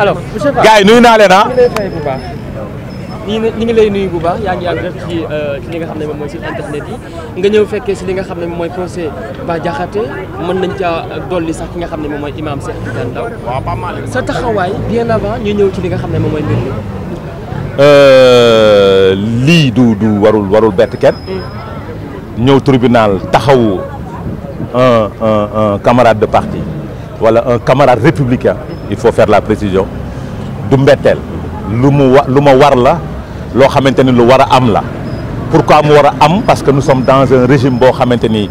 alors monsieur Fall yi nuyu naa leen ah. ñu ñu ngi lay nuyu bu baax yaa ngi yàgg euh, ci li nga xam ne moom mooy site internet yi nga ñëw fekkee si li nga xam ne moom mooy conseil Bah Diakhaté mën nañ caa dolli sax ki nga xam ne moom mooy imam Cheikh Tidiane Ndao sa taxawaay bien avant ñu ñëw ci li nga xam ne moom mooy mbir euh, lii du du warul warul bett kenn. Mm. ñëw tribunal taxawu un un de parti wala un camarade républicain. il faut faire la précision du mbetteel lu mu wa lu ma war la loo xamante ni lu war a am la pourquoi mu war a am parce que nous some dans un régime boo xamante ni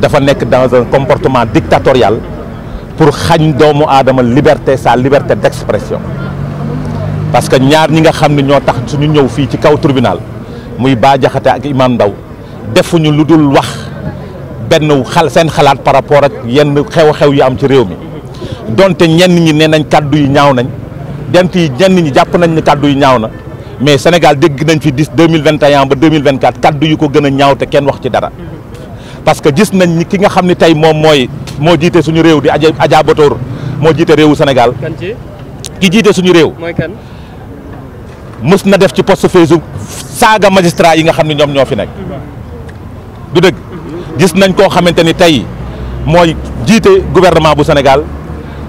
dafa nekk dans un comportement dictatorial pour xañ doomu aadama liberté sa liberté d'expression parce que ñaar ñi nga xam ne ñoo tax suñu ñëw fii ci kaw tribunal muy Bah Diakhaté ak Imam Ndao defuñu lu dul wax benn xal seen xalaat par rapport ak yenn xew-xew yi am ci réew mi donte ñenn ñi nee nañ kàddu yi ñaaw nañ dent yi ñenn ñi jàpp nañ ne kàddu yi ñaaw na mais Sénégal dégg nañ fi dix deux mille vingt et un ba deux mille vingt quatre kàddu yu ko gën a ñaaw te kenn wax ci dara. parce que gis nañ ni ki nga xam ne tey moom mooy moo jiite suñu réew di Adja Adja moo jiite réewu Sénégal. kan ci ki jiite suñu réew. mooy na def ci poste Facebook saaga magistrat yi nga xam ne ñoom ñoo fi nekk. du dëgg. gis nañ koo xamante ni tey mooy jiite gouvernement bu Sénégal.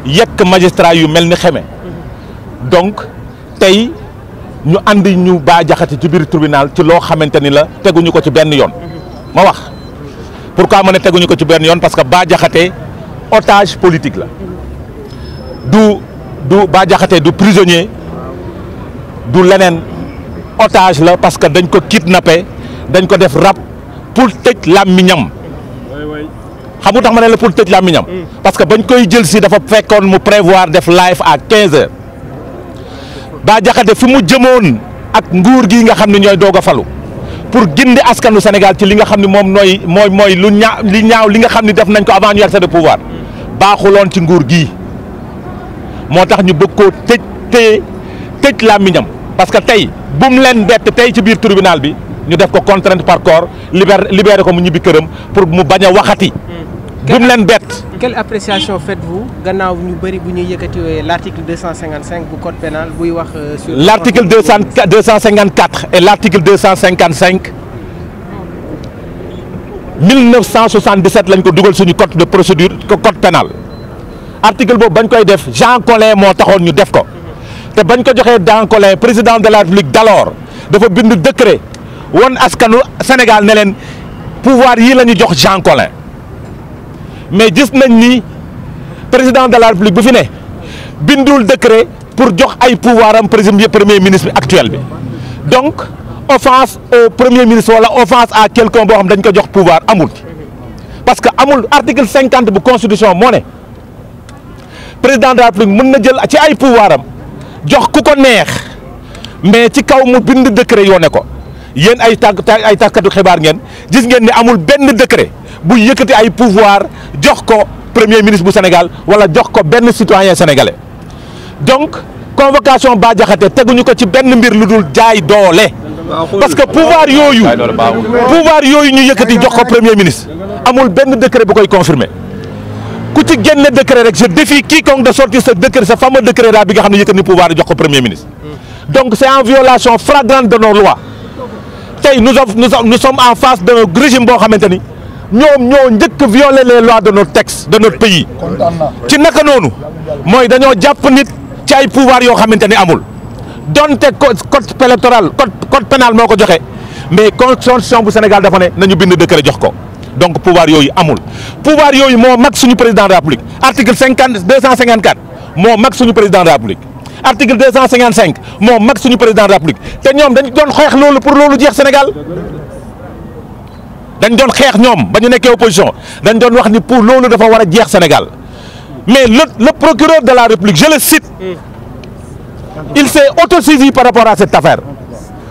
yekk magistrat yu mel ni xeme donc tey ñu ànd ñu baajaxate ci biir tribunal ci loo xamante ni la teguñu ko ci benn yoon ma wax pourquoi ma ne teguñu ko ci benn yoon parce que Bah Diakhaté otage politique la du du baajaxate Diakhaté du prisonnier du leneen otage la parce que dañ ko kidnappé dañ ko def rab pour tëj làmmiñam xam nga tax ma ne la pour tëj làmmiñam hmm. parce que bañ koy jël si dafa fekkoon mu prévoir def live a 15 heures Bah Diakhaté fi mu jëmoon ak nguur gi nga xam ne ñooy doog a falu pour gindi askanu Sénégal ci li nga xam ne moom nooy mooy mooy lu ñaaw li ñaaw li nga xam ne def nañ ko avant ñu verser de pouvoir baaxuloon ci nguur gi moo tax ñu bëgg ko tëj téye tëj làmmiñam parce que tey bu mu leen bett tey ci biir tribunal bi ñu def ko contrainte par corps libéré libéré ko mu ñibbi këram pour mu bañ a waxati. Hmm. bu leen bett. quelle appréciation faites-vous gannaaw ñu bëri bu ñuy yëkkatiwee euh, l' article deux cent cinquante cinq bu code pénal wax. Euh, sur l' cent deux cent cinquante quatre et l' article deux cent cinquante cinq. 1977 lañ ko dugal suñu code de procédure code pénal article boobu bañ koy def Jean Collin moo taxoon ñu def ko te bañ ko joxee Jean Collin président de la République d'alors dafa bind décret won askanu Sénégal ne leen pouvoir yii la ñu jox Jean Collin mais gis nañ ni président de la république bu fi ne bindul décret pour jox ay pouvoir am président premier ministre bi actuel bi donc offense au premier ministre wala offense à quelqu'un boo xam dañ ko jox pouvoir amul parce que amul article cinquante bu constitution moo ne président de la république mën na jël ci ay pouvoir am jox ku ko neex mais ci kaw mu bind décret yoone ko yéen ay tàgg ay tàkkatu xibaar ngeen gis ngeen ni amul benn décret bu yëkkati ay pouvoir jox ko premier ministre bu Sénégal wala jox ko benn citoyen sénégalais donc convocation Bah Diakhaté teguñu ko ci benn mbir lu dul jaay doole parce que pouvoir yooyu pouvoir yooyu ñu yëkkati jox ko premier ministre amul benn décret bu koy confirmer ku ci génne décret rek je défie quiconque de sortir ce décret ce fameux décret là bi nga xam ne yëkkati pouvoir jox ko premier ministre donc c'est en violation flagrante de nos lois tey nous nous sommes en face d'un régime boo xamante ñoom ñoo njëkk violer les lois de notre texte de notre pays ci naka noonu mooy dañoo jàpp nit ci ay pouvoir yoo xamante ni amul donte code électoral code code pénal moo ko joxe mais constitution bu Sénégal dafa ne nañu bind décret jox ko donc pouvoir yooyu amul pouvoir yooyu moo mag suñu président de la République article cinquante deux cent cinquante moo mag suñu président de la République article cinq moo mag suñu président de la République te ñoom dañ doon xeex loolu pour loolu jeex Sénégal dañ doon xeex ñoom ba ñu nekkee opposition dañ doon wax ni pour loolu dafa war a jeex Sénégal mais le le procureur de la République je le cite il s'est autosaisi par rapport à cette affaire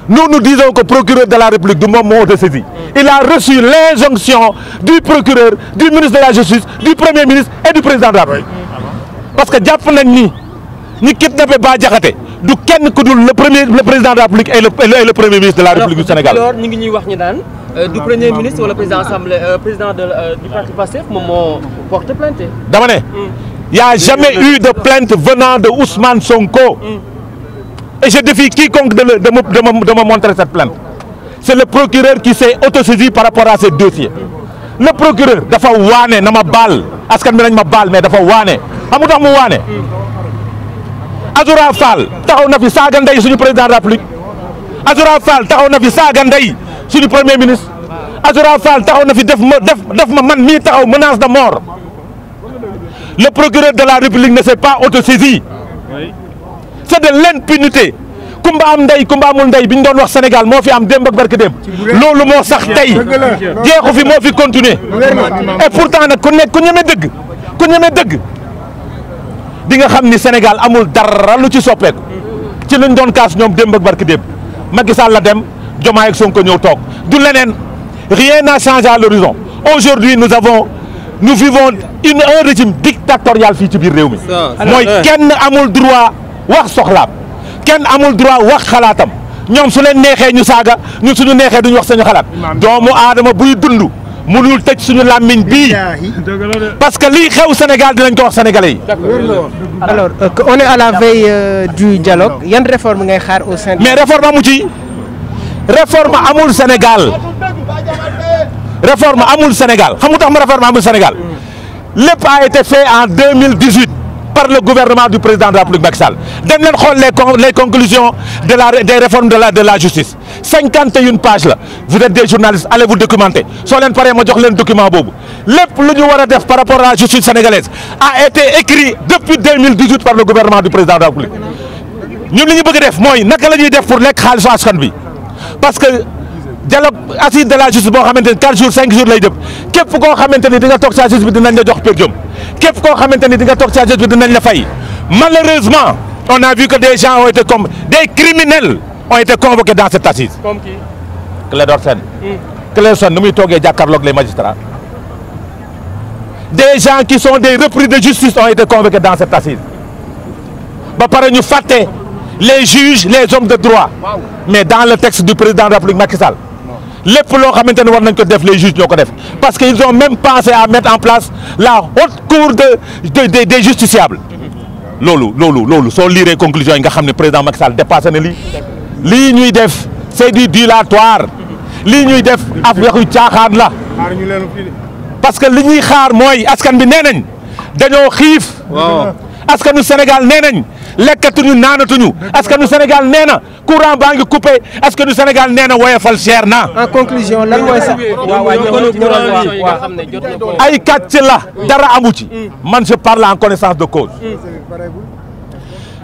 nous nous disons que procureur de la République du moom moo autosaisi il a reçu l'injonction du procureur du ministre de la justice du premier ministre et du président de la République parce que jàpp nañ ni ñi kidnappé Bah du kenn ku dul le président de la République ngi ñuy wax ñu daan Euh, du premier ministre wala président assemblée euh, président de euh, du ne. Mm. y jamais eu de plainte venant de Ousmane Sonko. Mm. et je défie quiconque de le de me de me de me montrer cette plainte. c'est le procureur qui s'est autosaisi par rapport à ce dossier. le procureur dafa waane na ma baal askan bi nañ ma baal mais dafa waane xam nga mu waane. Mm. Azoura Fall taxaw na fi saaga ndey suñu président de la République Azoura Fall taxaw na fi saaga ndey suñu premier ministre Azora Fall taxaw na fi def ma def def ma man mii taxaw menace de mort le procureur de la république ne s'est pas autosaisi c'est de l'impunité kumba am ndey kumba amul ndey bi ñu doon wax Sénégal moo fi am démb ak barke démb loolu moo sax tey jeexu fi moo fi continuer et pourtant nag ku nekk ku ñeme dëgg ku ñeme dëgg di nga xam ni Sénégal amul dara lu ci soppeeku ci luñ doon kaas ñoom démb ak barke démb Macky Sall la dem Diomaye ak Sonko ñëw toog du leneen rien n'a changé à l'horizon aujourd'hui nous avons nous vivons une un régime dictatorial fii ci biir réew mi mooy kenn amul droit wax soxlaam kenn amul droit wax xalaatam ñoom su leen neexee ñu saaga ñun suñu neexee duñu wax sañu xalaat doomu aadama buy dund mënul tëj suñu làmmiñ bii parce que lii xew Sénégal dinañ ko wax sénégalais yi. alors euh, on est à la veille euh, du dialogue yan ngay xaar mais réforme amu ci. réforme amul Sénégal réforme amul Sénégal tax ma réforme amul Sénégal lépp a été fait en 2018 par le gouvernement du président de la République Macky Sall dem leen xool les con conclusions de la des de la justice cinquante la vous êtes des journalistes allez vous documenter soo leen paree ma jox leen document boobu lépp lu ñu war def par rapport à la justice sénégalaise a été écrit depuis par le gouvernement du président de la République ñun li ñu bëgg def mooy naka la ñuy def pour lekk xaalisu askan parce que dialogue assise de la justice boo xamante ni 4 jours 5 jours lay jëm képp koo xamante ni di nga toog ci justice bi dinañ la jox per diem képp koo xamante fay malheureusement on a vu que des gens ont été comme des criminels ont été convoqués dans cette assise. comme qui. Clédor les magistrats des gens qui sont des repris de justice ont été convoqués dans cette assise ba pare ñu fàtte. les juges les hommes de droit mais dans le texte du président de la République Macky Sall lépp loo xamante ne war nañ ko def les juges ñoo ko def parce que ils ont même pensé à mettre en place la haute cour de justiciables loolu loolu loolu soo liiree conclusion yi nga xam ne président Macky Sall dépassé na lii lii ñuy def c'est du dilatoire lii ñuy def af waxu caaxaan la parce que li ñuy xaar mooy askan bi nee nañ dañoo xiif askanu Sénégal nee nañ lekkatuñu naanatuñu askanu Sénégal nee na courant baa ngi coupé askanu Sénégal nee na woyofal cher na. en conclusion lan mooy ay kàcc la dara amu ci. Mm. man je parle en connaissance de cause. Mm.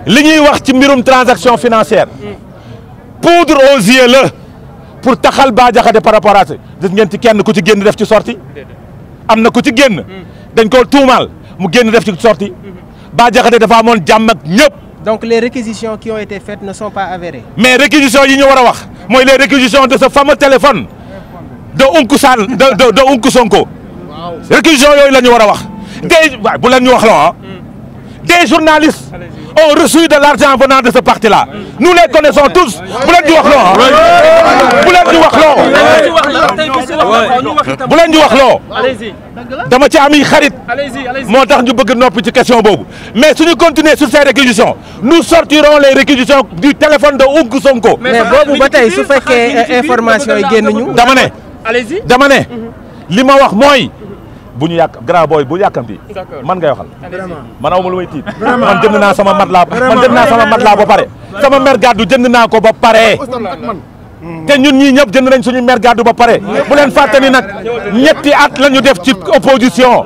li ñuy wax ci mbirum transaction financière. Mm. poudre aux yeux la taxal Bah Diakhaté par rapport à gis ngeen ci kenn ku ci génn def ci sorti am na ku ci génn dañ ko tuumaal mu génn def ci sorti Bah Diakhaté dafa amoon jàmm ak ñëpp. donc les réquisitions qui ont été faites ne sont pas avérées. mais réquisitions yi ñu war a wax mooy les réquisitions de ce fameux téléphone de Unku Sall de de de Sonko. waaw réquisitions yooyu la ñu war a wax. des waaw bu leen ñu wax la ah. Mm. des ont reçu de l'argent venant de ce parti-là. Nous les connaissons tous. bu leen di wax loo bu leen di wax loo bu leen di wax loo dama ci am xarit moo tax ñu bëgg noppi ci question boobu mais suñu continuer sur ces réquisitions nous sortirons les réquisitions du téléphone de Ousmane Sonko. mais boobu ba tey su fekkee information yi génn ñu. dama ne dama ne mhm. li ma wax mooy. bu ñu yàq grand boy bu yàkkamti man ngay waxal man awma lu may tiit man jënd naa sama mat laa man jënd naa sama mat laa ba pare sama mer gàddu jënd naa ko ba pare hmm. te ñun ñii ñëpp jënd nañ suñu mer gàddu ba pare hmm. bu leen fàtte ni nag ñetti at la ñu def ci opposition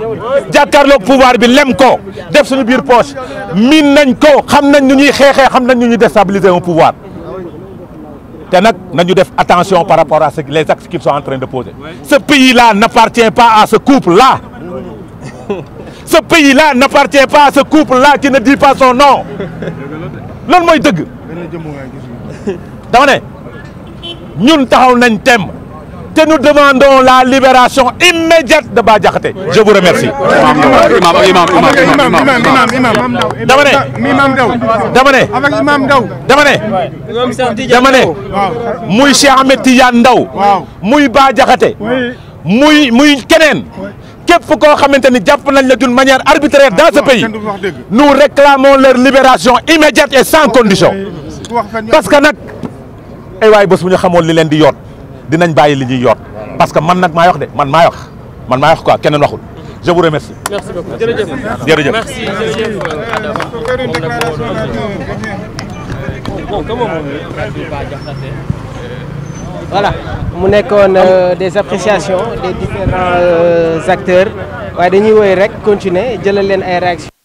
jàkkaarloog pouvoir bi lem ko def suñu biir poche miin nañ ko xam nañ nu ñuy xeexee xam nañ nu ñuy déstabiliser un pouvoir te nag nañu def attention par rapport à ce les actes qu'ils sont en train de poser ce pays là n'appartient pas à ce couple là ce pays là n'appartient pas à ce couple là qui ne dit pas son nom loolu mooy dëgg dama ñun taxaw nañ tem te nous demandons la libération immédiate de Bah Diakhaté je vous remercie. dama ne. muy Cheikh Ahmed Tidiane muy Bah Diakhaté. muy muy keneen. képp koo xamante ni jàpp nañ la d'une manière arbitraire dans ce pays nous réclamons leur libération immédiate et sans condition parce que nag ay waay bés xamoon li leen di yoot dinañ bàyyi li ñuy yoot parce que man nag maa wax de man maa wax man maa wax quoi keneen waxul je vous remercie. merci beaucoup mu nekkoon euh, des appréciations des différents euh, acteurs waaye dañuy woy rek continuer jëlal leen ay réaction